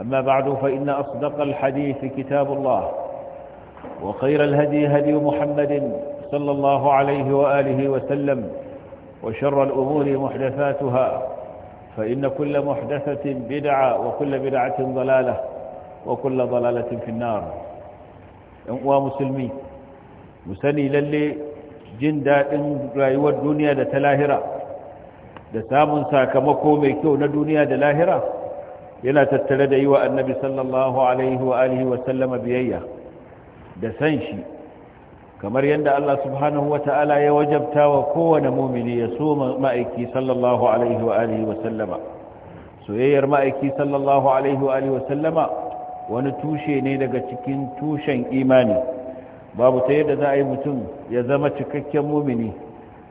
أما بعد فإن أصدق الحديث كتاب الله وخير الهدي هدي محمد صلى الله عليه وآله وسلم وشر الأمور محدثاتها فإن كل محدثة بدعة وكل بدعة ضلالة وكل ضلالة في النار ومسلمي مسني للي جندا daɗin rayuwar الدنيا دتلاهرة دسام ساكمكو ميكو ندنيا دلاهرة دلاهرة yana tattare da yi wa annabi sallallahu alaihi wa alihi wa sallama biyayya da san shi kamar yadda Allah subhanahu wa ta'ala ya wajabta wa kowane mumini ya so ma'aiki sallallahu alaihi wa alihi wa sallama soyayyar ma'aiki sallallahu alaihi wa alihi wa sallama wani tushe ne daga cikin tushen imani babu ta yadda za a yi mutum ya zama cikakken mumini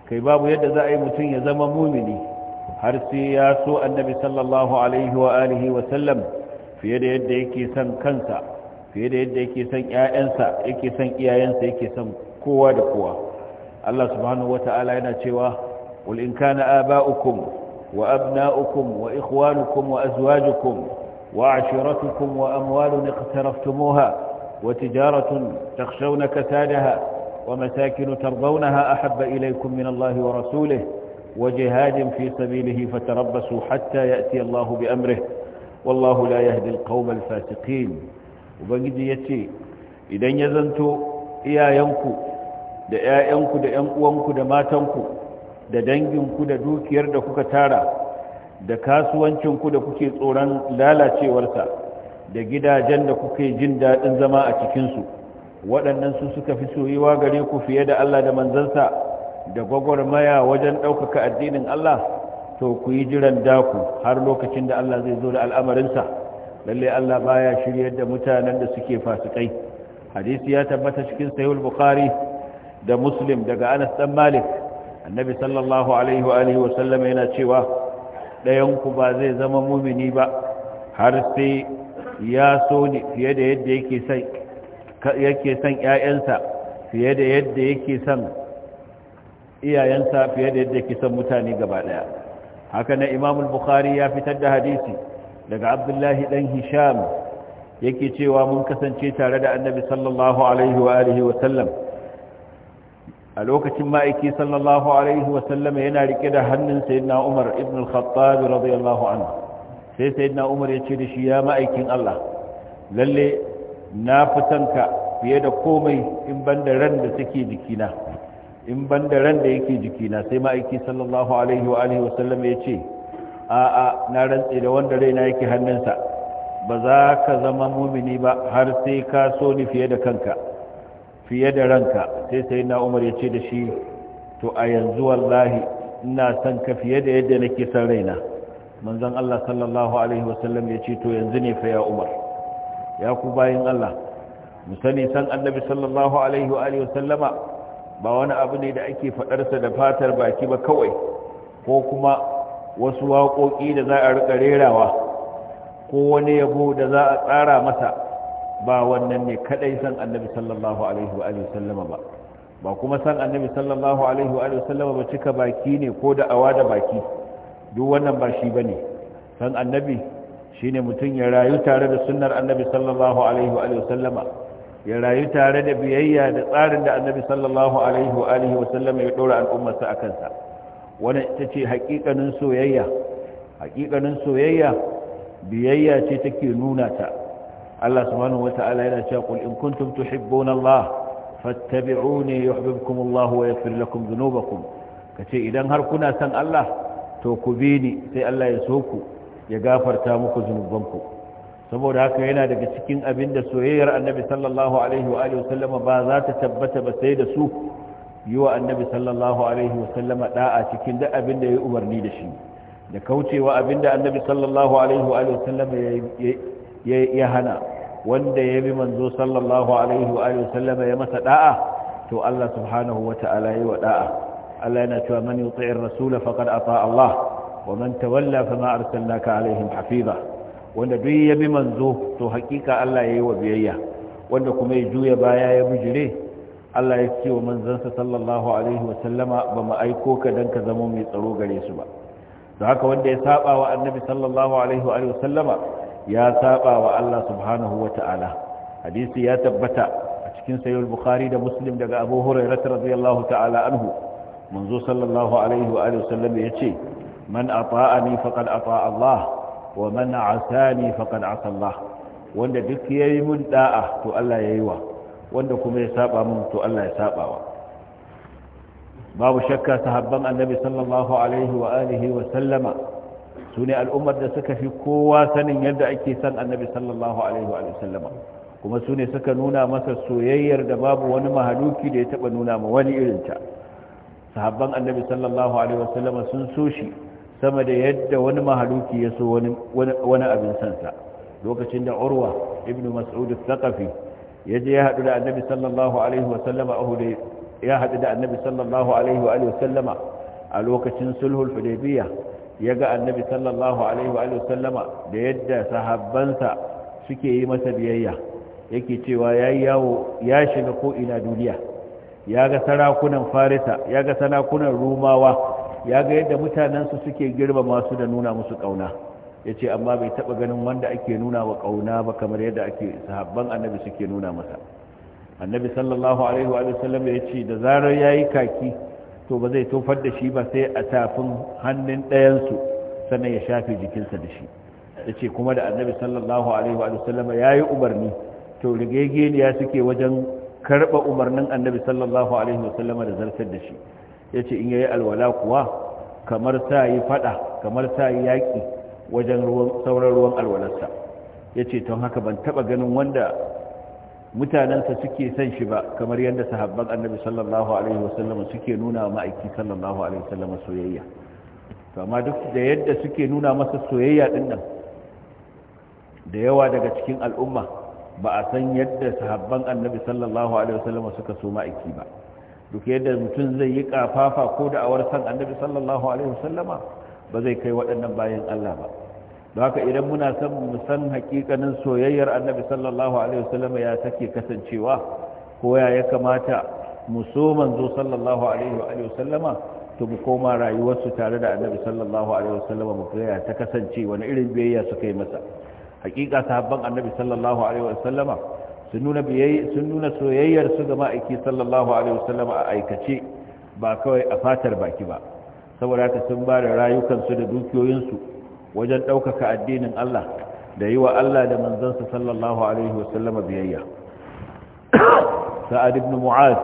kai babu yadda za a yi mutum ya zama mumini harsi ya so annabi sallallahu alaihi wa alihi wa sallam fiye da yadda yake san kansa fiye da yadda yake san ƴaƴansa yake san iyayensa yake san kowa da kowa Allah subhanahu wata'ala yana cewa qul in kana aba'ukum wa abna'ukum wa ikhwanukum wa azwajukum wa 'ashiratukum wa amwalun iqtaraftumuha wa tijaratun takhshawna kasadaha wa masakin ومساكن ahabba ilaykum min من wa rasulihi وجهاد في سبيله فتربصوا حتى يأتي الله بأمره والله لا يهدي القوم الفاسقين وبنجي يتي إذا يزنتوا إيا ينكو da ‘ya'yanku da ‘yan'uwanku da matanku da danginku da dukiyar da kuka tara da kasuwancinku da kuke tsoron lalacewarsa da gidajen da kuke jin daɗin zama a cikinsu waɗannan su suka fi soyuwa gare ku fiye da Allah da manzansa da gwagwarmaya wajen ɗaukaka addinin Allah to ku yi jiran daku har lokacin da Allah zai zo da al'amarinsa lalle Allah baya shiryar da mutanen da suke fasikai hadisi ya tabbata cikin sahihul bukhari da muslim daga Anas dan Malik annabi sallallahu alaihi wa alihi wa sallam yana cewa ɗayan ku ba zai zama mumini ba har sai ya so ni fiye da yadda yake son yake son ƴaƴansa fiye da yadda yake son iyayensa fiye da yadda kisan son mutane gaba daya haka nan imam bukhari ya fitar da hadisi daga abdullahi dan hisham yake cewa mun kasance tare da annabi sallallahu alaihi wa alihi wa sallam a lokacin ma'aiki sallallahu alaihi wa sallam yana rike da hannun sayyidina umar ibn al-khattab radiyallahu anhu sai sayyidina umar ya ce da shi ya ma'aikin Allah lalle na fitanka fiye da komai in da ran da take jikina in ban da ran da yake jikina sai ma'aiki sallallahu alaihi wa alihi wasallam ya ce a'a na rantse da wanda raina yake hannunsa ba za ka zama mumini ba har sai ka so ni fiye da kanka fiye da ranka sai sai na umar ya ce da shi to a yanzu wallahi ina son ka fiye da yadda nake son raina manzon Allah sallallahu alaihi wasallam ya ce to yanzu ne fa ya umar ya ku bayin Allah mu sani san annabi sallallahu alaihi wa alihi wasallama ba wani abu ne da ake faɗarsa da fatar baki ba kawai ko kuma wasu waƙoƙi da za a riƙa rerawa ko wani yabo da za a tsara masa ba wannan ne kadai san annabi sallallahu alaihi wa sallama ba ba kuma san annabi sallallahu alaihi wa sallama ba cika baki ne ko da awa da baki duk wannan ba shi ba ne san annabi shi ne mutum ya rayu tare da sunnar annabi sallallahu alaihi wa sallama ya rayu tare da biyayya da tsarin da annabi sallallahu alaihi wa alihi wa sallam ya dora al'ummarsa akan sa Wani ita ce hakikanin soyayya hakikanin soyayya biyayya ce take nuna ta Allah subhanahu wa ta'ala yana cewa qul in kuntum tuhibbuna Allah fattabi'uni yuhibbukum Allah wa yaghfir lakum dhunubakum kace idan har kuna son Allah to ku bi ni sai Allah ya so ku ya gafarta muku zunubanku saboda haka yana daga cikin abin da soyayyar annabi sallallahu alaihi wa alihi wasallama ba za ta tabbata ba sai da su yi wa annabi sallallahu alaihi wasallama da'a cikin duk abin da ya yi umarni da shi da kaucewa abin da annabi sallallahu alaihi wa alihi wasallama ya hana wanda ya bi manzo sallallahu alaihi wa alihi wasallama ya masa da'a to Allah subhanahu wa ta'ala yi wa da'a Allah yana cewa man yuti'ir rasul faqad ata Allah wa man tawalla fama arsalnaka alaihim hafiza wanda duk ya bi manzo to hakika Allah ya yi wa biyayya wanda kuma ya juya baya ya bijire Allah ya ce wa manzansa sallallahu alaihi wasallama ba mu aiko ka dan ka zama mai tsaro gare su ba da haka wanda ya saba wa annabi sallallahu alaihi wa ya saba wa Allah subhanahu wa ta'ala hadisi ya tabbata a cikin sayyid bukhari da muslim daga abu hurairah radiyallahu ta'ala anhu manzo sallallahu alaihi wa sallam ya ce man ata'ani faqad ata'a Allah wa man asani faqad asa Allah wanda duk yayi mun da'a to Allah ya yi wa wanda kuma ya saba mun to Allah ya saba wa babu shakka sahabban annabi sallallahu alaihi wa alihi wa sallama sune al'ummar da suka fi kowa sanin yadda ake san annabi sallallahu alaihi wa sallama kuma su ne suka nuna masa soyayyar da babu wani mahaluki da ya taɓa nuna ma wani irinta sahabban annabi sallallahu alaihi wa wasallama sun so shi sama da yadda wani mahaluki ya so wani abin sansa lokacin da urwa ibn mas'ud al-thaqafi ya je ya hadu da annabi sallallahu alaihi wa sallama uhud ya hadu da annabi sallallahu alaihi wa alihi sallama a lokacin sulhul hudaybiyya ya ga annabi sallallahu alaihi wa alihi sallama da yadda sahabbansa suke yi masa biyayya yake cewa yayi yawo ya shiga ko ina duniya ya ga sarakunan farisa ya sarakunan rumawa ya ga yadda mutanensu suke girmama su da nuna musu ƙauna ya ce amma bai taɓa ganin wanda ake nuna wa ƙauna ba kamar yadda ake sahabban annabi suke nuna masa annabi sallallahu alaihi wa sallam ya ce da zarar ya yi kaki to ba zai tofar da shi ba sai a tafin hannun ɗayansu sannan ya shafe jikinsa da shi ya ce kuma da annabi sallallahu alaihi wa sallam ya yi umarni to rigegeniya suke wajen karɓa umarnin annabi sallallahu alaihi wa sallam da zartar da shi ya ce in yayi alwala kuwa kamar ta yi fada kamar ta yi yaƙi wajen sauran ruwan alwalarsa ya ce ton haka ban taɓa ganin wanda mutanensa suke son shi ba kamar yadda sahabban annabi sallallahu alaihi wasallam suke nuna ma ma'aiki sallallahu alaihi wasallam soyayya to amma duk da yadda suke nuna masa soyayya din nan da yawa daga cikin al'umma ba a san yadda sahabban annabi sallallahu alaihi wasallam suka so ma'aiki ba duk yadda mutum zai yi kafafa ko da awar san annabi sallallahu alaihi wasallama ba zai kai waɗannan bayan Allah ba don haka idan muna san mu san hakikanin soyayyar annabi sallallahu alaihi wasallama ya take kasancewa ko ya ya kamata mu so manzo sallallahu alaihi wasallama to mu koma rayuwarsu tare da annabi sallallahu alaihi wasallama mu ga ta kasance wani irin biyayya suka yi masa hakika sahabban annabi sallallahu alaihi wasallama sun nuna soyayyar su ga ma'aiki sallallahu alaihi wasallam a aikace ba kawai a fatar baki ba saboda haka sun ba da rayukansu da dukiyoyinsu wajen ɗaukaka addinin Allah da yi wa Allah da manzansa sallallahu alaihi wasallama biyayya sa'ad ibn mu'az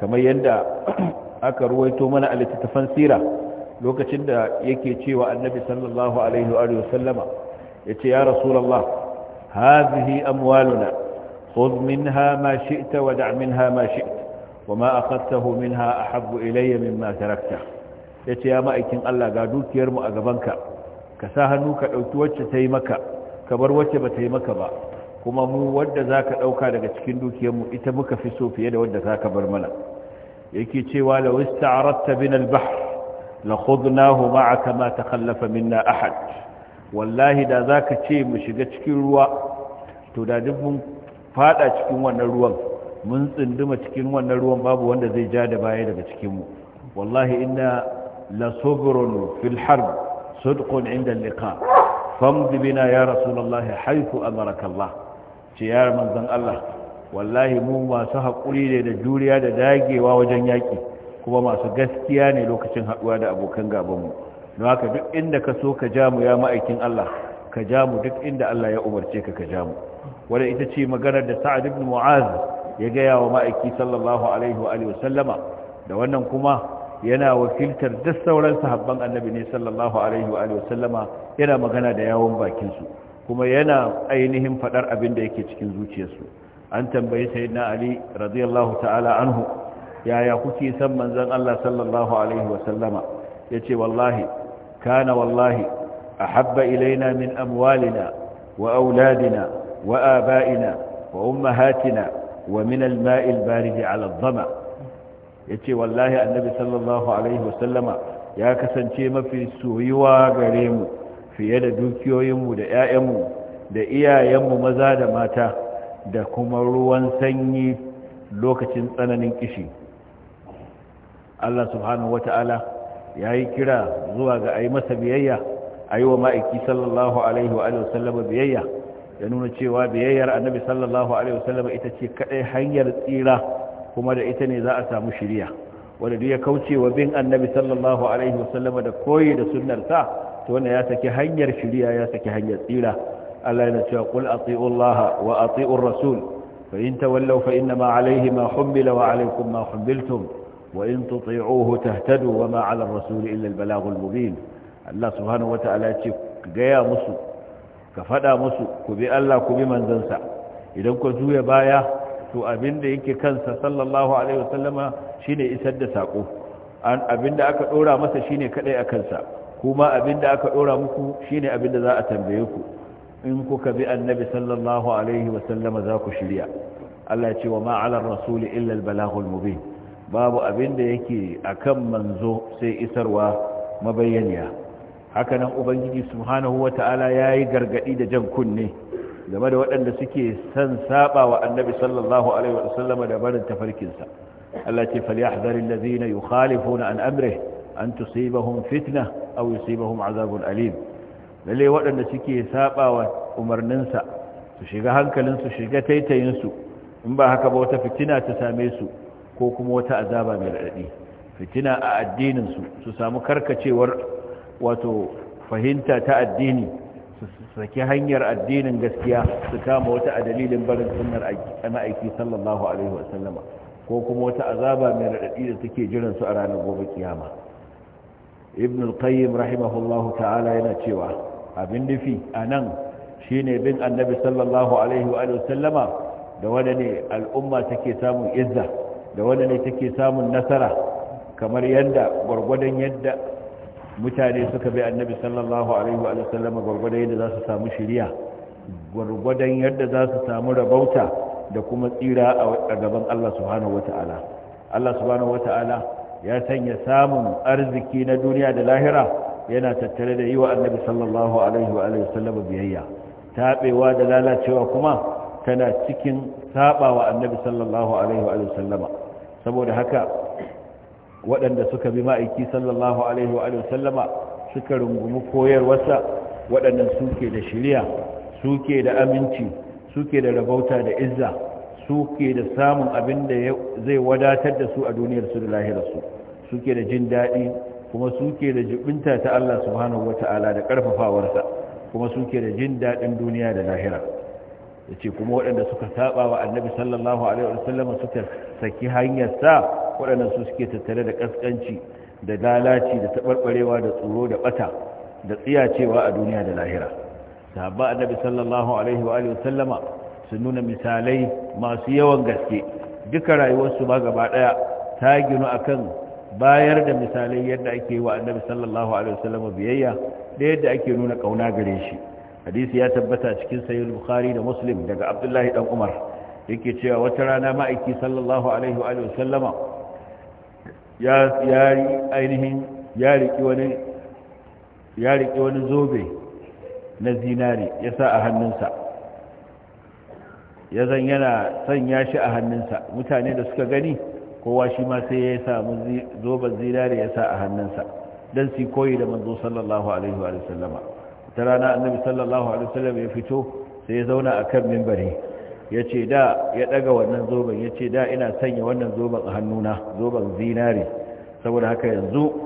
kamar yadda aka ruwaito mana a littattafan sira lokacin da yake cewa annabi sallallahu alaihi wa sallama ya ce ya rasulallah hazihi amwaluna خذ منها ما شئت ودع منها ما شئت وما أخذته منها أحب إلي مما تركته يتي يا مائكين الله قادوك يرمو أقبانك كساهنوك تيمكا كبر كبروات بتيمك با كما مو ود ذاك أوكا لك تكندوك يمو إتمك في صوفي يد ود ذاك برمنا يكي تي ولو استعرضت بنا البحر لخذناه معك ما تخلف منا أحد والله دا ذاك تي مشيك تكيروا تو دا دفن Faɗa cikin wannan ruwan mun tsinduma cikin wannan ruwan babu wanda zai ja da baya daga cikinmu wallahi inna la sabrun fil harb sadqun inda liqa famdi bina ya rasulullah haythu amaraka Allah ce ya manzon Allah wallahi mu masu hakuri ne da juriya da dagewa wajen yaki kuma masu gaskiya ne lokacin haduwa da abokan gabanmu don haka duk inda ka so ka ja mu ya ma'aikin Allah ka ja mu duk inda Allah ya umarce ka ka ja mu wadda ita ce maganar da sa'ad ibn mu'az ya gaya wa ma'aiki sallallahu alaihi wa sallama da wannan kuma yana wakiltar duk sauran sahabban annabi ne sallallahu alaihi wa sallama yana magana da yawon bakinsu kuma yana ainihin faɗar abin da yake cikin zuciyarsu an tambayi sayyidina ali radiyallahu ta'ala anhu yaya kuke san manzon Allah sallallahu alaihi wa yace wallahi kana wallahi ahabba ilaina min amwalina wa auladina وآبائنا وأمهاتنا ومن الماء البارد على الظمأ yace wallahi annabi sallallahu alaihi wasallama ya kasance mafi soyuwa gare mu fiye da dukiyoyinmu da 'ya'yanmu da iyayenmu maza da mata da kuma ruwan sanyi lokacin tsananin kishi Allah subhanahu wata'ala ya yi kira zuwa ga a masa biyayya a yi wa ma'aiki sallallahu alaihi wa sallama biyayya ya nuna cewa biyayyar annabi sallallahu alaihi wasallam ita ce kadai hanyar tsira kuma da ita ne za a samu shiriya wanda duk ya kauce wa bin annabi sallallahu alaihi wasallam da koyi da sunnarsa to wannan ya saki hanyar shiriya ya saki hanyar tsira Allah yana cewa qul ati'u Allah wa ati'u ar-rasul fa in tawallaw fa inna ma alayhi ma hummila wa alaykum ma humiltum wa in tuti'uhu tahtadu wa ma 'ala ar-rasul illa al-balagh al-mubin Allah subhanahu wa ta'ala ya ce gaya musu ka faɗa musu ku bi Allah ku bi manzansa idan ku juya baya to abinda yake kansa sallallahu alaihi wasallama shine isar da sako an abinda aka dora masa shine kadai a kansa kuma abinda aka dora muku shine abinda za a tambaye ku in kuka bi annabi sallallahu alaihi wasallama za ku shirya Allah ya ce wa ma ala rasuli illa al balaghul mubin babu abinda yake akan manzo sai isarwa mabayyaniya hakanan ubangiji subhanahu ya yayi gargadi da jan kunne game da waɗanda suke san saba wa annabi sallallahu alaihi wa sallama da barin tafarkinsa Allah ce falyahdharil ladhina yukhalifuna an amrihi an tusibahum fitna aw yusibahum azabun alim lalle waɗanda suke saba wa umarninsa su shiga hankalin su shiga taitayin su in ba haka ba wata fitina ta same su ko kuma wata azaba mai radadi fitina a addinin su su samu karkacewar wato fahimta ta addini su saki hanyar addinin gaskiya su kama wata a dalilin barin sunnar ma'aiki sallallahu alaihi wasallama ko kuma wata azaba mai raɗaɗi da take jiran su a ranar gobe kiyama ibn al-qayyim rahimahullahu ta'ala yana cewa abin nufi a nan shine bin annabi sallallahu alaihi wa sallama da wanda ne al'umma take samun izza da wanda ne take samun nasara kamar yadda gwargwadon yadda mutane suka bi annabi sallallahu alaihi wa sallam gwargwadon yadda za su samu shiriya gwargwadon yadda za su samu rabauta da kuma tsira a gaban Allah subhanahu ta'ala Allah subhanahu ta'ala ya sanya samun arziki na duniya da lahira yana tattare da yi wa annabi sallallahu alaihi wa sallam biyayya taɓewa da lalacewa kuma tana cikin saɓa wa annabi sallallahu alaihi wa sallama saboda haka waɗanda suka bi ma'aiki sallallahu alaihi wa sallama suka rungumi koyarwarsa waɗanda suke da shirya suke da aminci suke da rabauta da izza suke da samun abin da zai wadatar da su a duniyarsu da lahirarsu suke da jin daɗi kuma suke da jibinta ta Allah subhanahu wa ta'ala da ƙarfafawarsa kuma suke da jin daɗin duniya da lahira da ce kuma waɗanda suka saba wa annabi sallallahu alaihi wa sallama suka saki hanyarsa waɗannan su suke tattare da ƙasƙanci da lalaci da taɓarɓarewa da tsoro da ɓata da tsiyacewa a duniya da lahira sahabba annabi sallallahu alaihi wa alihi sun nuna misalai masu yawan gaske duka rayuwarsu ba gaba ɗaya ta ginu akan bayar da misalai yadda ake yi wa annabi sallallahu alaihi wasallama biyayya da yadda ake nuna kauna gare shi hadisi ya tabbata cikin sahih bukhari da muslim daga abdullahi dan umar yake cewa wata rana ma'aiki sallallahu alaihi wa ya ainihin ya riƙi wani ya wani zobe na zinari ya sa a hannunsa ya zan yana sanya shi a hannunsa mutane da suka gani kowa shi ma sai ya samu zoben zinari ya sa a hannunsa don si koyi da manzo sallallahu alaihi wa sallama ta rana annabi sallallahu alaihi wa sallam ya fito sai ya zauna a kan mimbari ya ce da ya daga wannan zoben ya ce da ina sanya wannan zoben a hannuna zoben zinari saboda haka yanzu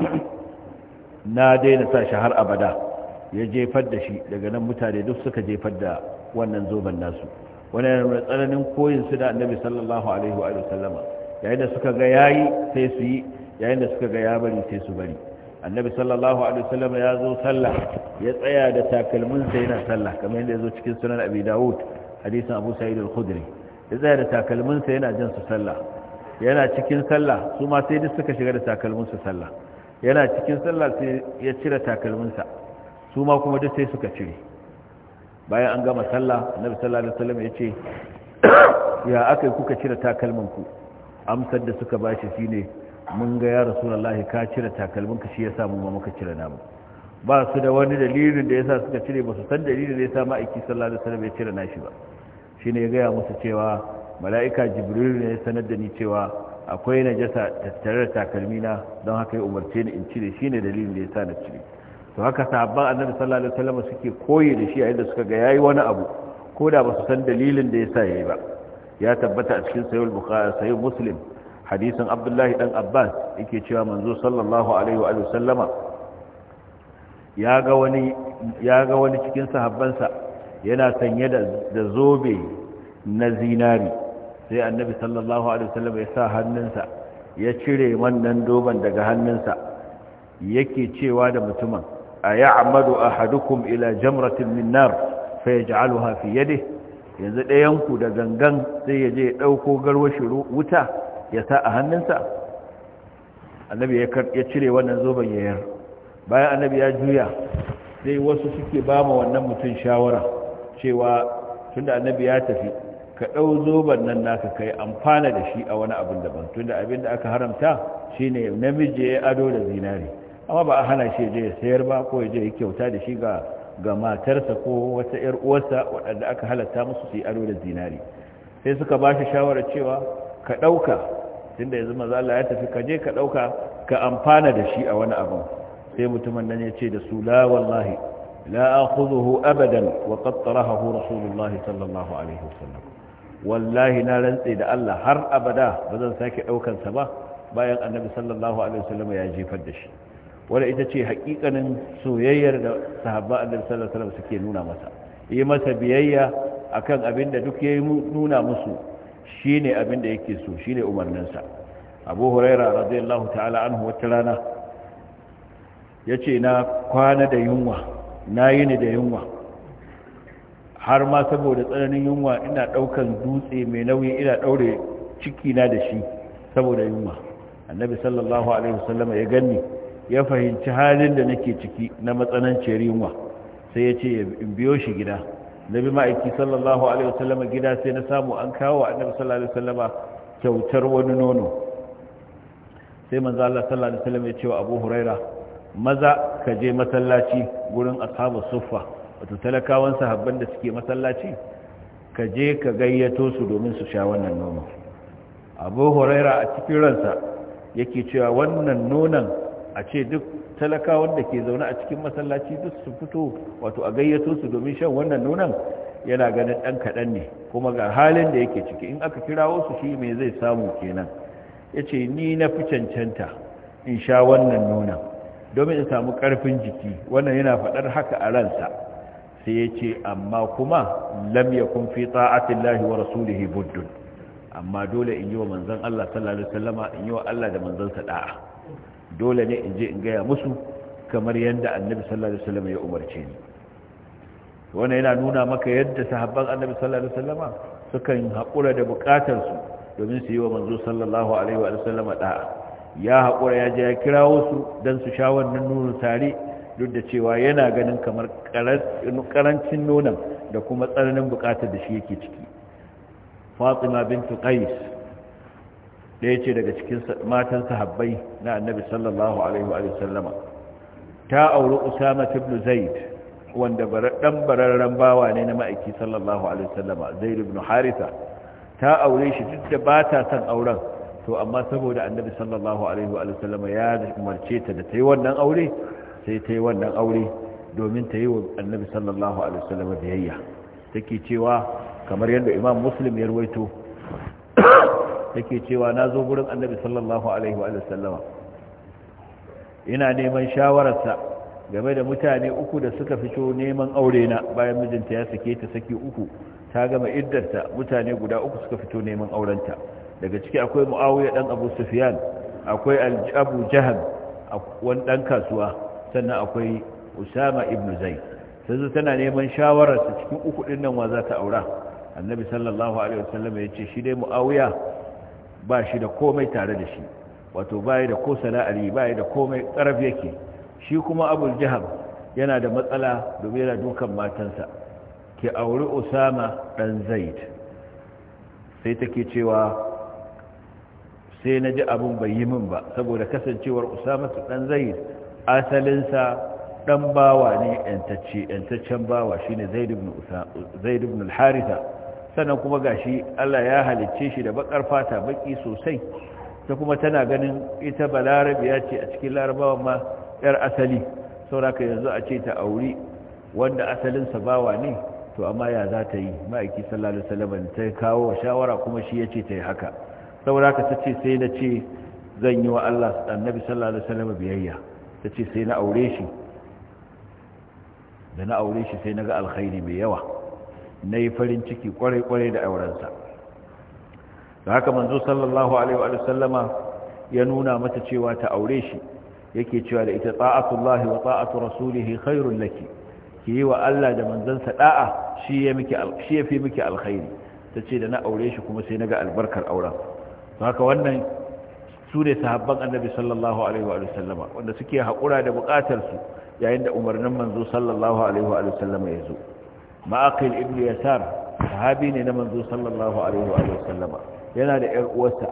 na daina sa shi har abada ya jefar da shi daga nan mutane duk suka jefar da wannan zoben nasu wani yana tsananin koyin su da annabi sallallahu alaihi wa sallama yayin da suka ga yayi sai su yi yayin da suka ga ya bari sai su bari annabi sallallahu alaihi wasallam ya zo sallah ya tsaya da takalminsa yana sallah kamar yadda ya zo cikin sunan abi dawud hadisin abu sa'id al-khudri ya tsaya da takalminsa yana jan su sallah yana cikin sallah su ma sai duk suka shiga da takalminsu sallah yana cikin sallah sai ya cire takalminsa su ma kuma duk sai suka cire bayan an gama sallah annabi sallallahu alaihi wasallam ya ce ya akai kuka cire takalmin ku amsar da suka bashi shine mun ga ya rasulullahi ka cire takalminka shi yasa mu ma muka cire namu ba su da wani dalilin da yasa suka cire ba su san dalilin da yasa ma'aiki sallallahu alaihi wasallam ya cire nashi ba shine ya gaya musu cewa mala'ika jibril ne ya sanar da ni cewa akwai najasa tattare da takalmi na don haka ya umarce ni in cire shine dalilin da ya sa na cire to haka sahabban annabi sallallahu alaihi wasallam suke koyi da shi a yadda suka ga yayi wani abu ko da ba su san dalilin da ya sa yayi ba ya tabbata a cikin sahih bukhari sahih muslim hadisin abdullahi dan abbas yake cewa manzo sallallahu alaihi wa sallama ya ga wani ya ga wani cikin sahabbansa yana sanye da zobe na zinari sai annabi sallallahu alaihi wasallam ya sa hannunsa ya cire wannan doban daga hannunsa yake cewa da mutumin a ya'madu ahadukum ila jamratin min nar fa fi yadihi yanzu ɗayanku da gangan sai ya je ya ɗauko garwashi wuta ya sa a hannunsa annabi ya cire wannan zoben yayar bayan annabi ya juya sai wasu suke ba wannan mutum shawara cewa tunda annabi ya tafi ka ɗau zoban nan naka kai amfana da shi a wani abin daban tunda abin da aka haramta shine namiji ya ado da zinari amma ba a hana shi je ya sayar ba ko ya je ya kyauta da shi ga ga matarsa ko wata ‘yar uwarsa waɗanda aka halatta musu su yi ado da zinari sai suka ba shi shawarar cewa ka ɗauka tun da yanzu maza Allah ya tafi ka je ka ɗauka ka amfana da shi a wani abin sai mutumin nan ya ce da su la wallahi لا abadan أبدا وقد طرحه رسول الله صلى الله عليه وسلم والله نالن إذا الله هر أبدا بدل ساكي أو كان سبا bayan annabi sallallahu alaihi wasallam ya jefar da shi wanda ita ce hakikanin soyayyar da sahabba annabi sallallahu alaihi wasallam suke nuna masa yi masa biyayya akan abin da duk yayi nuna musu shine abin da yake so shine umarnin sa Abu Huraira radiyallahu ta'ala anhu wata rana yace na kwana da yunwa na yi ni da yunwa har ma saboda tsananin yunwa ina ɗaukan dutse mai nauyi ina ɗaure cikina da shi saboda yunwa annabi sallallahu alaihi wasallam ya ganni ya fahimci halin da nake ciki na matsananciyar yunwa sai ya ce in biyo shi gida nabi ma'aiki sallallahu alaihi wasallam gida sai na samu an kawo annabi sallallahu alaihi wasallam kyautar wani nono sai manzo Allah sallallahu alaihi wasallam ya ce wa Abu Huraira maza ka je masallaci gurin ashabu suffa wato talakawan sahabban da suke masallaci ka je ka gayyato su domin su sha wannan nono abu huraira a cikin ransa yake cewa wannan nonon a ce duk talakawan da ke zaune a cikin masallaci duk su fito wato a gayyato su domin shan wannan nonon yana ganin ɗan kaɗan ne kuma ga halin da yake ciki in aka kirawo su shi mai zai samu kenan ya ce ni na fi cancanta in sha wannan nonon domin in samu karfin jiki wannan yana faɗar haka a ransa sai ya ce amma kuma lamya kun fi ta'atillahi wa rasulihi buddun amma dole in yi wa manzan Allah sallallahu alaihi wasallama in yi wa Allah da manzansa da'a dole ne in je in gaya musu kamar yadda annabi sallallahu alaihi wasallama ya umarce ni wannan yana nuna maka yadda sahabban annabi sallallahu alaihi wasallama sukan haƙura da buƙatarsu domin su yi wa manzo sallallahu alaihi Sallama ɗa'a. ya haƙura ya je ya kira wasu don su sha wannan nono tare duk da cewa yana ganin kamar ƙarancin nonon da kuma tsananin bukatar da shi yake ciki fatima bintu qais ɗaya ce daga cikin matan sahabbai na annabi sallallahu alaihi wa sallama ta auri usama ibn zaid wanda ɗan bararren bawa ne na ma'aiki sallallahu alaihi wa sallama zaid ibn haritha ta aure shi duk da ba ta son auren to amma saboda annabi sallallahu alaihi wa sallama ya umarce ta da ta yi wannan aure sai ta yi wannan aure domin ta yi wa annabi sallallahu alaihi wa sallama biyayya take cewa kamar yadda imam muslim ya ruwaito take cewa na zo gurin annabi sallallahu alaihi wa sallama ina neman shawararsa game da mutane uku da suka fito neman aure na bayan mijinta ya sake ta saki uku ta gama iddarta mutane guda uku suka fito neman aurenta daga ciki akwai mu'awiya dan abu sufyan akwai abu jahal wani dan kasuwa sannan akwai usama ibn zaid sai tana neman shawarar su cikin uku din nan wa za ta aura annabi sallallahu alaihi wasallam ya ce shi dai mu'awiya ba shi da komai tare da shi wato bai da ko sana'ari bai da komai karaf yake shi kuma abu yana da matsala domin yana dukan matansa ki auri usama dan zaid sai take cewa sai na ji abin bai yi min ba saboda kasancewar usama su ɗan zai asalinsa ɗan bawa ne ‘yantaccen bawa shi ne zai dubin harita sannan kuma ga shi allah ya halicce shi da bakar fata baki sosai ta kuma tana ganin ita ba larabiya ce a cikin larabawa ma ‘yar asali sauraka yanzu a ce ta auri wanda asalinsa bawa ne to amma ya za ta yi ma'aiki sallallahu alaihi wasallam ta kawo shawara kuma shi ya ce ta yi haka saboda ka tace sai na ce zan yi wa Allah annabi sallallahu alaihi wasallam biyayya ce sai na aure shi da na aure shi sai naga alkhairi mai yawa nayi farin ciki kwarai kwarai da aurensa da haka manzo sallallahu alaihi wa sallama ya nuna mata cewa ta aure shi yake cewa da ita ta'atullahi wa ta'atu rasulihi khairul laki ki yi wa Allah da manzansa da'a shi ya miki shi miki alkhairi tace da na aure shi kuma sai naga albarkar auren haka wannan su ne sahabban annabi sallallahu alaihi wa sallama wanda suke haƙura da buƙatarsu yayin da umarnin manzo sallallahu alaihi wa sallama ya zo ma'aqil ibn yasar sahabi ne na manzo sallallahu alaihi wa sallama yana da ƴar uwarsa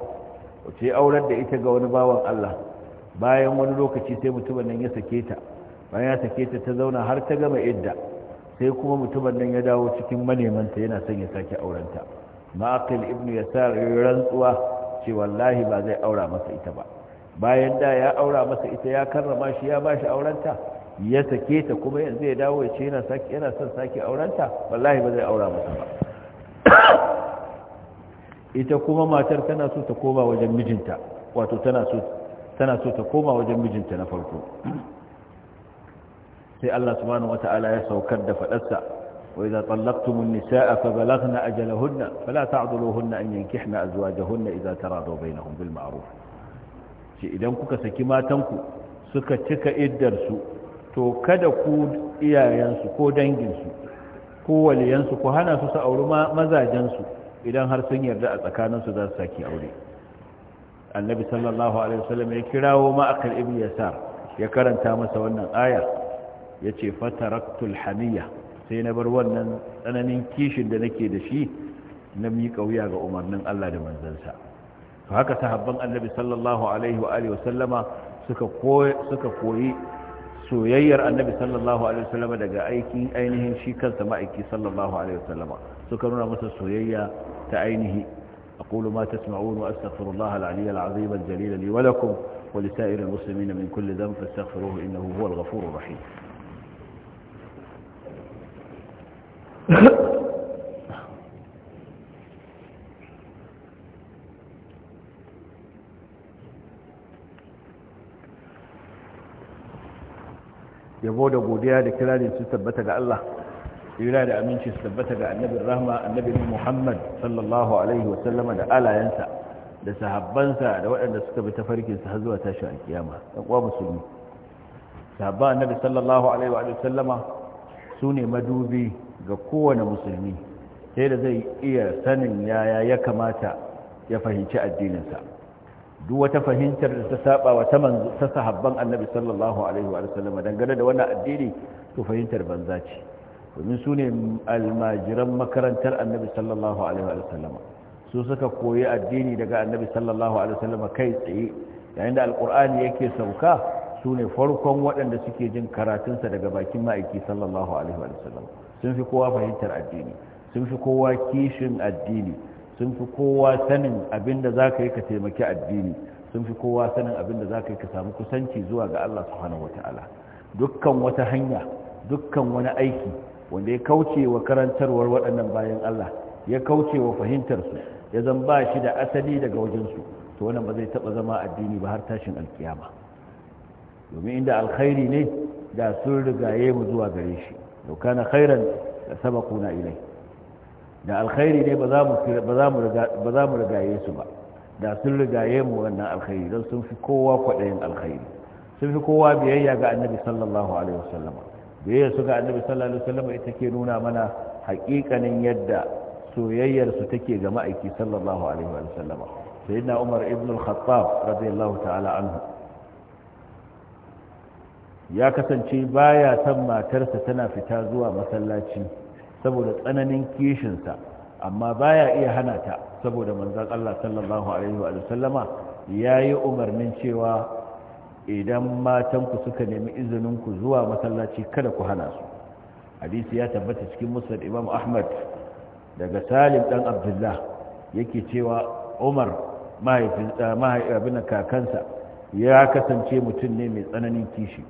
wace aurar da ita ga wani bawan Allah bayan wani lokaci sai mutumin nan ya sake ta bayan ya sake ta ta zauna har ta gama idda sai kuma mutumin nan ya dawo cikin manemanta yana son ya sake aurenta ma'aqil ibn yasar rantsuwa ce wallahi ba zai aura masa ita ba bayan da ya aura masa ita ya karrama shi ya bashi aurenta ya sake ta kuma yanzu ya dawo ya ce yana sake yana son sake aurenta wallahi ba zai aura masa ba ita kuma matar tana so ta koma wajen mijinta wato tana so tana so ta koma wajen mijinta na farko sai Allah subhanahu wataala ya saukar da fadarsa وإذا طلقتم النساء فبلغن أجلهن فلا تعضلوهن أن ينكحن أزواجهن إذا تراضوا بينهم بالمعروف إذن كك سكما تنكو سك تك إدرسو to kada ku iyayensu ko danginsu ko waliyansu ku hana su sa'auri mazajensu idan har sun yarda a tsakaninsu za su saki aure annabi sallallahu alaihi wasallam ya kirawo ma'akal ibn yasar ya karanta masa wannan aya yace fataraktul hamiyya sai na bar wannan tsananin kishin da nake da shi na miƙa wuya ga umarnin Allah da manzansa to haka sahabban annabi sallallahu alaihi wa alihi wasallama suka koyi suka koyi soyayyar annabi sallallahu alaihi wasallama daga aikin ainihin shi kansa ma'aiki sallallahu alaihi wasallama suka nuna masa soyayya ta ainihi أقول ما تسمعون وأستغفر الله العلي العظيم الجليل لي ولكم ولسائر المسلمين من كل ذنب فاستغفروه إنه هو الغفور الرحيم yabo da godiya da kirari su tabbata ga Allah yana da aminci su tabbata ga annabin rahma annabin muhammad sallallahu alaihi wasallama da alayensa da sahabbansa da waɗanda suka bi ta farkinsa har zuwa tashi a kiyama ɗan uwa musulmi sahabban annabi sallallahu alaihi wasallama su ne madubi ga kowane musulmi sai da zai iya sanin yaya ya kamata ya fahimci addininsa duk wata fahimtar da ta saba wa ta sahabban annabi sallallahu alaihi wa sallama dangane da wannan addini to fahimtar banza ce domin su ne almajiran makarantar annabi sallallahu alaihi wa sallama su suka koyi addini daga annabi sallallahu alaihi wa sallama kai tsaye yayin da alkur'ani yake sauka su ne farkon waɗanda suke jin karatunsa daga bakin ma'aiki sallallahu alaihi wa sallama sun fi kowa fahimtar addini sun fi kowa kishin addini sun fi kowa sanin abinda za ka yi ka taimaki addini sun fi kowa sanin abin da za ka yi ka samu kusanci zuwa ga Allah subhanahu wata'ala dukkan wata hanya dukkan wani aiki wanda ya kauce wa karantarwar waɗannan bayan Allah ya kauce wa fahimtarsu ya zan ba shi da asali daga wajensu to wannan ba zai taɓa zama addini ba har tashin alkiyama domin inda alkhairi ne da sun rigaye mu zuwa gare shi to kana khairan da sabaquna ilai da alkhairi ne ba za mu ba rigaye su ba da sun rigaye mu wannan alkhairi don sun fi kowa kwaɗayin alkhairi sun fi kowa biyayya ga annabi sallallahu alaihi wasallam biyayya su ga annabi sallallahu alaihi wasallam ita ke nuna mana haƙiƙanin yadda soyayyar su take ga ma'aiki sallallahu alaihi wasallam sayyidina umar ibn al-khattab radiyallahu ta'ala anhu ya kasance baya san matarsa tana fita zuwa masallaci saboda tsananin kishinsa amma baya iya hana ta saboda manzan Allah sallallahu alaihi wa sallama ya yi umarnin cewa idan matanku suka nemi izininku zuwa masallaci kada ku hana su hadisi ya tabbata cikin musnad imam ahmad daga salim dan abdullah yake cewa umar mahaifin eh, kakansa ya kasance mutum ne mai tsananin kishi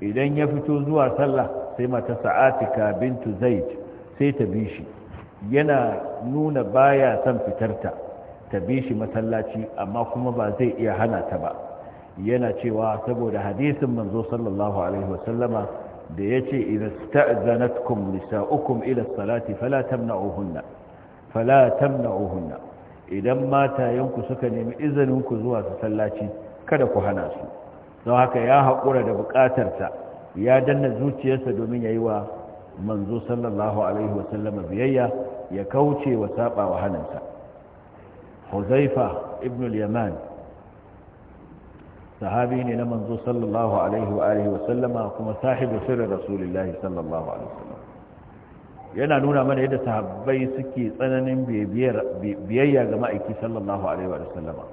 idan ya fito zuwa sallah sai mata sa'atika bintu zaid sai ta bi shi yana nuna baya son fitarta ta bi shi masallaci amma kuma ba zai iya hana ta ba yana cewa saboda hadisin manzo sallallahu alaihi wasallama da ya ce idan sta'zanatkum nisa'ukum ila salati fala tamna'uhunna fala tamna'uhunna idan matayenku suka nemi izinin ku zuwa sallaci kada ku hana su don haka ya haƙura da buƙatarsa ya danna zuciyarsa domin ya yi wa manzo sallallahu alaihi wasallama biyayya ya kauce wa saba wa hannunsa huzaifa ibn al-yaman sahabi ne na manzo sallallahu alaihi wa sallama kuma sahibu sirrin rasulullahi sallallahu alaihi wasallam yana nuna mana yadda sahabbai suke tsananin biyayya ga ma'aiki sallallahu alaihi wa sallama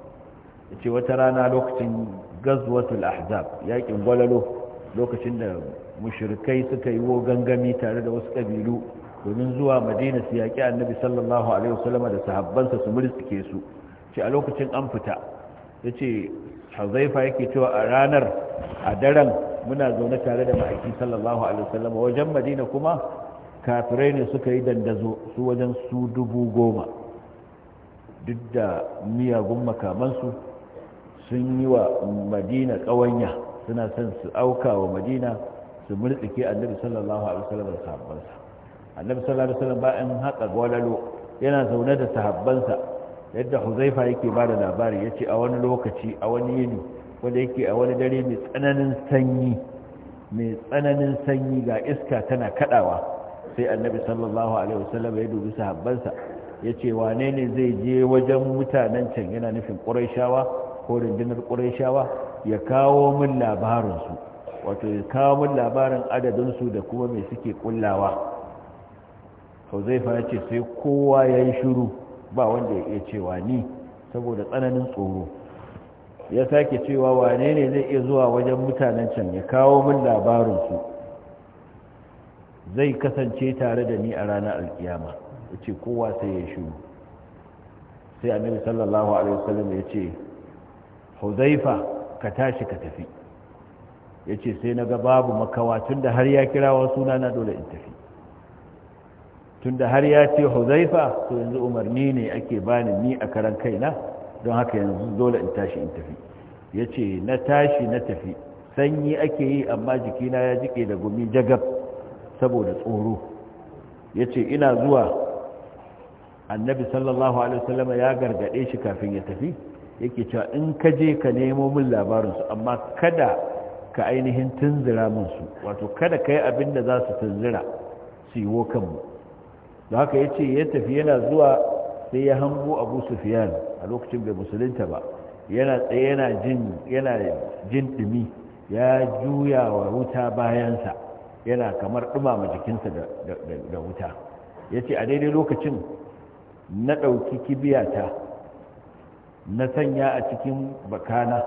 yace wata rana lokacin gazwatul ahzab yakin gwalalo lokacin da mushrikai suka yi gangami tare da wasu kabilu domin zuwa madina su yaƙi annabi sallallahu alaihi wasallama da sahabbansa su murtike su ce a lokacin an fita ya ce hazaifa yake cewa a ranar a daren muna zaune tare da ma'aiki sallallahu alaihi wasallama wajen madina kuma kafirai ne suka yi dandazo su wajen su dubu goma duk da miyagun makamansu sun yi wa madina ƙawanya suna son su auka wa madina su murtsike annabi sallallahu alaihi wasallam da sahabbansa annabi sallallahu alaihi wasallam bayan haka gwalalo yana zaune da sahabbansa yadda huzaifa yake ba da labari ya ce a wani lokaci a wani yini wanda yake a wani dare mai tsananin sanyi mai tsananin sanyi ga iska tana kadawa sai annabi sallallahu alaihi wasallam ya dubi sahabbansa ya ce wane ne zai je wajen mutanen can yana nufin ƙuraishawa ko rundunar ƙurayshawa ya kawo min labarinsu wato ya kawo min labarin adadinsu da kuma mai suke kullawa zai fara ce sai kowa ya yi shuru ba wanda ya iya cewa ni saboda tsananin tsoro ya sake cewa wane ne zai iya zuwa wajen mutanen can ya kawo min labarinsu zai kasance tare da ni a ranar alkiyama ya ce kowa sai ya shuru sai annabi sallallahu alaihi wasallam ya ce huzaifa ka tashi ka tafi ya ce sai na ga babu makawa tun da har ya kirawa suna na dole in tafi tun da har ya ce huzaifa to yanzu umarni ne ake bani ni a karan kaina don haka yanzu dole in tashi in tafi ya ce na tashi na tafi sanyi ake yi amma jikina ya jike da gumi jagab saboda tsoro ya ce ina zuwa annabi sallallahu alaihi wasallama ya gargade shi kafin ya tafi yake cewa in ka je ka nemo min labarinsu amma kada ka ainihin tunzira su wato kada ka yi abin da za su tunzira su yi kanmu, da haka ya ce ya tafi yana zuwa sai ya hango abu sufiyan a lokacin bai musulunta ba yana tsaye yana jin yana jin dumi ya juya wa wuta bayansa yana kamar dumama jikinsa da wuta ya ce a daidai lokacin na ɗauki kibiyata na sanya a cikin bakana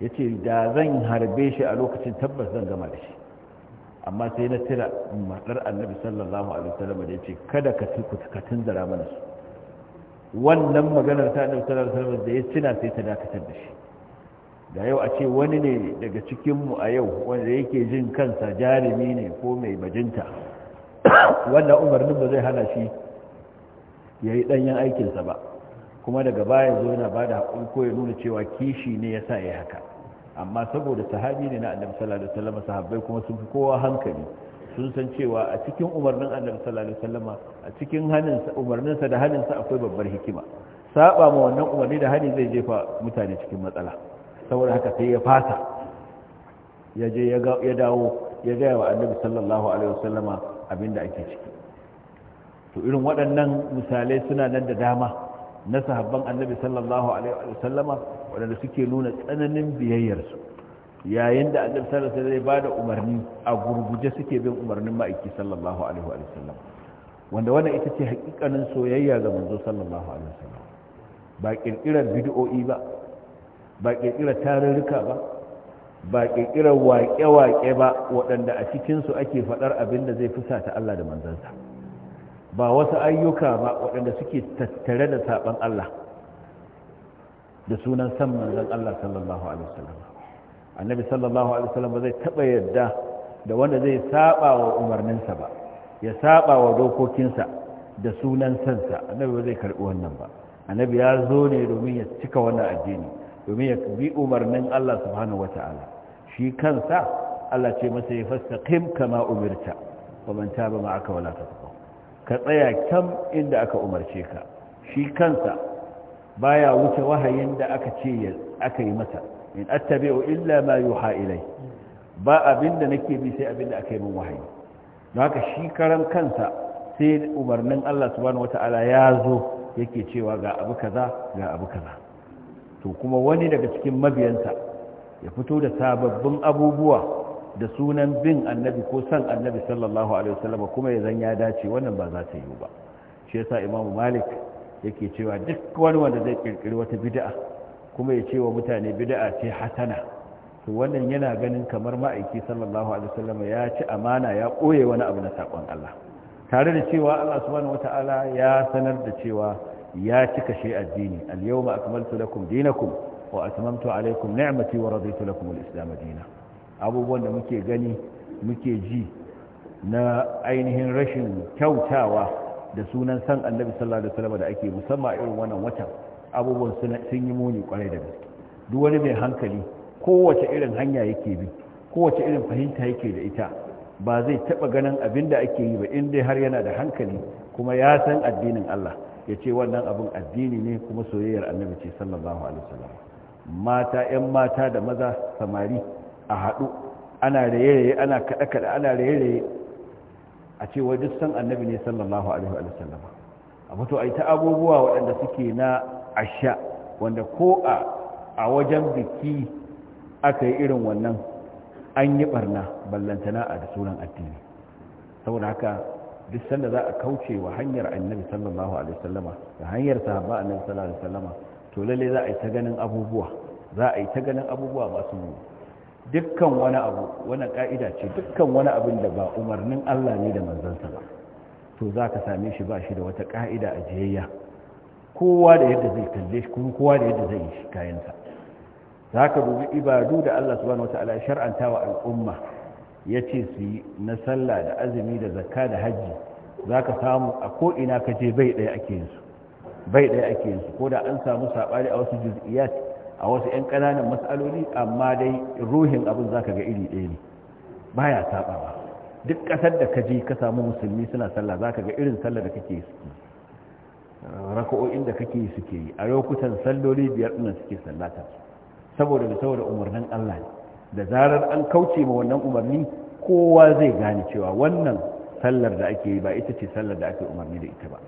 ya ce da zan harbe shi a lokacin tabbas zan gama da shi amma sai na tira matsar annabi sallallahu alaihi wasallam da ya ce kada ka tuku ka tunzara mana su wannan maganar ta annabi sallallahu alaihi wasallam da ya cina sai ta dakatar da shi da yau a ce wani ne daga cikinmu a yau wanda yake jin kansa jarumi ne ko mai bajinta wannan umarnin ba zai hana shi ya yi ɗanyen aikinsa ba kuma daga baya zo yana bada da ko ya nuna cewa kishi ne ya sa ya haka amma saboda sahabi ne na annabi sallallahu alaihi wasallam sahabbai kuma sun fi kowa hankali sun san cewa a cikin umarnin annabi sallallahu alaihi wasallam a cikin umarnin umarninsa da sa akwai babbar hikima saba ma wannan umarni da hani zai jefa mutane cikin matsala saboda haka sai ya fasa ya je ya dawo ya gaya wa annabi sallallahu alaihi wasallam abinda ake ciki to irin waɗannan misalai suna nan da dama na sahabban annabi sallallahu alaihi wasallama waɗanda suke nuna tsananin biyayyarsu yayin da annabi sallallahu alaihi wasallam zai bada umarni a gurguje suke bin umarnin ma'aiki sallallahu alaihi wasallam wanda wannan ita ce hakikanin soyayya ga manzo sallallahu alaihi wasallam ba kirkirar bid'o'i ba ba kirkirar tarurruka ba ba kirkirar waƙe-waƙe ba waɗanda a cikinsu ake faɗar abin da zai fusata Allah da manzansa ba wasu ayyuka ba waɗanda suke tattare da saɓan Allah da sunan san manzon Allah sallallahu alaihi wasallam annabi sallallahu alaihi wasallam ba zai taɓa yadda da wanda zai saɓa wa umarninsa ba ya saɓa wa dokokinsa da sunan sansa annabi ba zai karɓi wannan ba annabi ya zo ne domin ya cika wannan addini domin ya bi umarnin Allah subhanahu wata'ala shi kansa Allah ce masa ya fastaqim kama umirta wa man taba aka wala tatqu ka tsaya kyam inda aka umarce ka shi kansa baya wuce wahayin da aka ce aka yi masa in attabi'u illa ma yuha ilai ba abinda nake bi sai abinda aka yi min wahayi don haka shi karan kansa sai umarnin Allah subhanahu wata'ala ya zo yake cewa ga abu kaza ga abu kaza to kuma wani daga cikin mabiyansa ya fito da sababbin abubuwa da sunan bin annabi ko san annabi sallallahu alaihi wasallam kuma ya zan ya dace wannan ba za ta yi ba shi yasa imam malik yake cewa duk wani wanda zai kirkiri wata bid'a kuma ya ce wa mutane bid'a ce hasana to wannan yana ganin kamar ma'aiki sallallahu alaihi wasallam ya ci amana ya koye wani abu na sakon Allah tare da cewa Allah subhanahu wataala ya sanar da cewa ya cika shi addini al-yawma akmaltu lakum dinakum wa atmamtu alaykum ni'mati wa raditu lakum al-islam dinan abubuwan da muke gani muke ji na ainihin rashin kyautawa da sunan san annabi sallallahu alaihi wasallam da ake musamman irin wannan watan abubuwan sun yi muni kwarai da gaske duk wani mai hankali kowace irin hanya yake bi kowace irin fahimta yake da ita ba zai taba ganin abin da ake yi ba in dai har yana da hankali kuma ya san addinin Allah ya ce wannan abin addini ne kuma soyayyar annabi ce sallallahu alaihi wasallam mata 'yan mata da maza samari a haɗu ana raye-raye ana kaɗe-kaɗe ana raye-raye a ce wai duk san annabi ne sallallahu alaihi wa sallama a fito a yi ta abubuwa waɗanda suke na asha wanda ko a wajen biki aka yi irin wannan an yi barna ballantana a da sunan addini saboda haka duk sanda za a kauce wa hanyar annabi sallallahu alaihi wa sallama da hanyar sahaba annabi sallallahu alaihi wa sallama to lalle za a yi ta ganin abubuwa za a yi ta ganin abubuwa masu dukkan wani abu wani ka'ida ce dukkan wani abin da ba umarnin Allah ne da manzansa ba to za ka same shi ba shi da wata ka'ida a jiyayya kowa da yadda zai kalle shi kuma kowa da yadda zai yi shi kayansa za ka dubi ibadu da Allah subhanahu wa ta'ala shar'anta wa al'umma ya ce su yi na sallah da azumi da zakka da hajji za ka samu a ko'ina ka je bai ɗaya ake yin su bai ɗaya ake yin su ko da an samu saɓari a wasu juz'iyat a wasu 'yan ƙananan matsaloli amma dai ruhin abin za ka ga iri ɗaya ne ba ya ba. duk ƙasar da ka je ka samu musulmi suna sallah za ka ga irin sallah da kake su, raka'o'in da kake suke yi a lokutan salloli biyar ɗin suke sallata saboda da saboda umarnin allah ne. da zarar an kauce ma wannan umarni kowa zai gane cewa wannan sallar da ake yi ba ita ce sallar da ake umarni da ita ba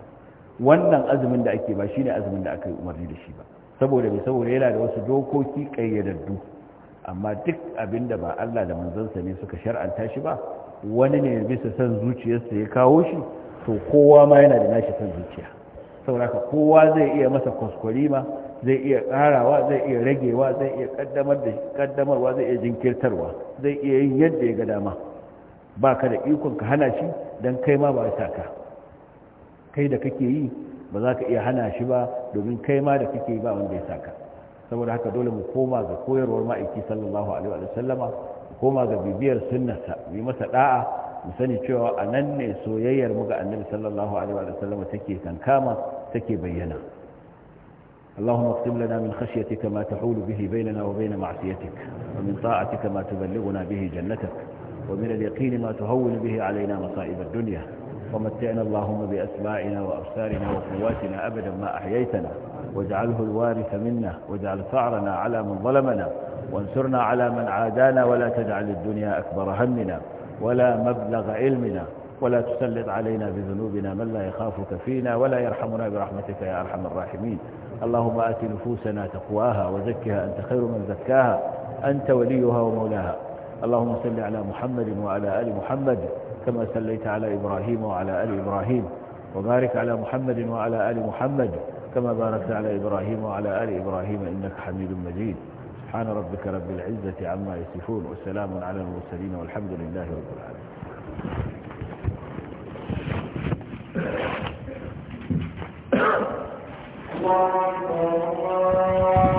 wannan azumin da ake ba shine azumin da aka yi umarni da shi ba saboda mai saboda yana da wasu dokoki ƙayyadaddu amma duk abin da ba Allah da manzansa ne suka shar'anta shi ba wani ne bisa son zuciyarsa ya kawo shi to kowa ma yana da nashi son zuciya sauraka kowa zai iya masa kwaskwarima zai iya ƙarawa zai iya ragewa zai iya ƙaddamarwa zai iya jinkirtarwa zai iya yin yadda ya ga dama ba ka da ikon ka hana shi don kai ma ba ka kai da kake yi ba za ka iya hana shi ba domin kai ma da kake ba wanda ya saka saboda haka dole mu koma ga koyarwar ma'aiki sallallahu alaihi wa sallama koma ga bibiyar sunnarsa mu masa da'a mu sani cewa a nan ne soyayyar mu ga annabi sallallahu alaihi wa sallama take kankama take bayyana اللهم اقسم لنا من خشيتك ما تحول به بيننا وبين معصيتك ومن طاعتك ما تبلغنا به جنتك ومن اليقين ما تهون به علينا مصائب الدنيا ومتعنا اللهم بأسماعنا وأبصارنا وقواتنا أبدا ما أحييتنا واجعله الوارث منا واجعل ثأرنا على من ظلمنا وانصرنا على من عادانا ولا تجعل الدنيا أكبر همنا ولا مبلغ علمنا ولا تسلط علينا بذنوبنا من لا يخافك فينا ولا يرحمنا برحمتك يا أرحم الراحمين اللهم آت نفوسنا تقواها وزكها أنت خير من زكاها أنت وليها ومولاها اللهم صل على محمد وعلى آل محمد كما سليت على إبراهيم وعلى آل إبراهيم وبارك على محمد وعلى آل محمد كما باركت على إبراهيم وعلى آل إبراهيم إنك حميد مجيد سبحان ربك رب العزة عما يصفون وسلام على المرسلين والحمد لله رب العالمين الله